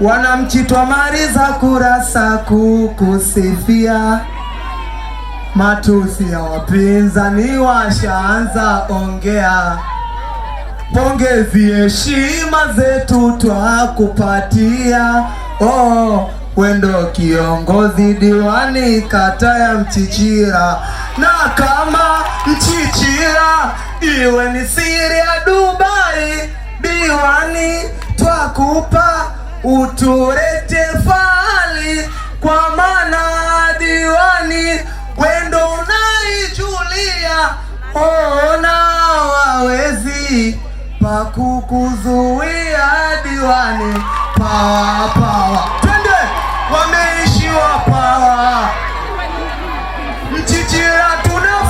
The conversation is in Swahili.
wanamchitwa za kurasa kukusifia matusi ya wapinzani washaanza ongea, pongezi heshima zetu twakupatia. Oh, wendo kiongozi diwani kata ya Mchichira, na kama Mchichira iwe ni siri ya Dubai, diwani twakupa uturete fali kwa mana diwani wendo unaijulia ona wawezi pakukuzuia diwani pawa pawa twende wameishiwa pawa mchichira tuna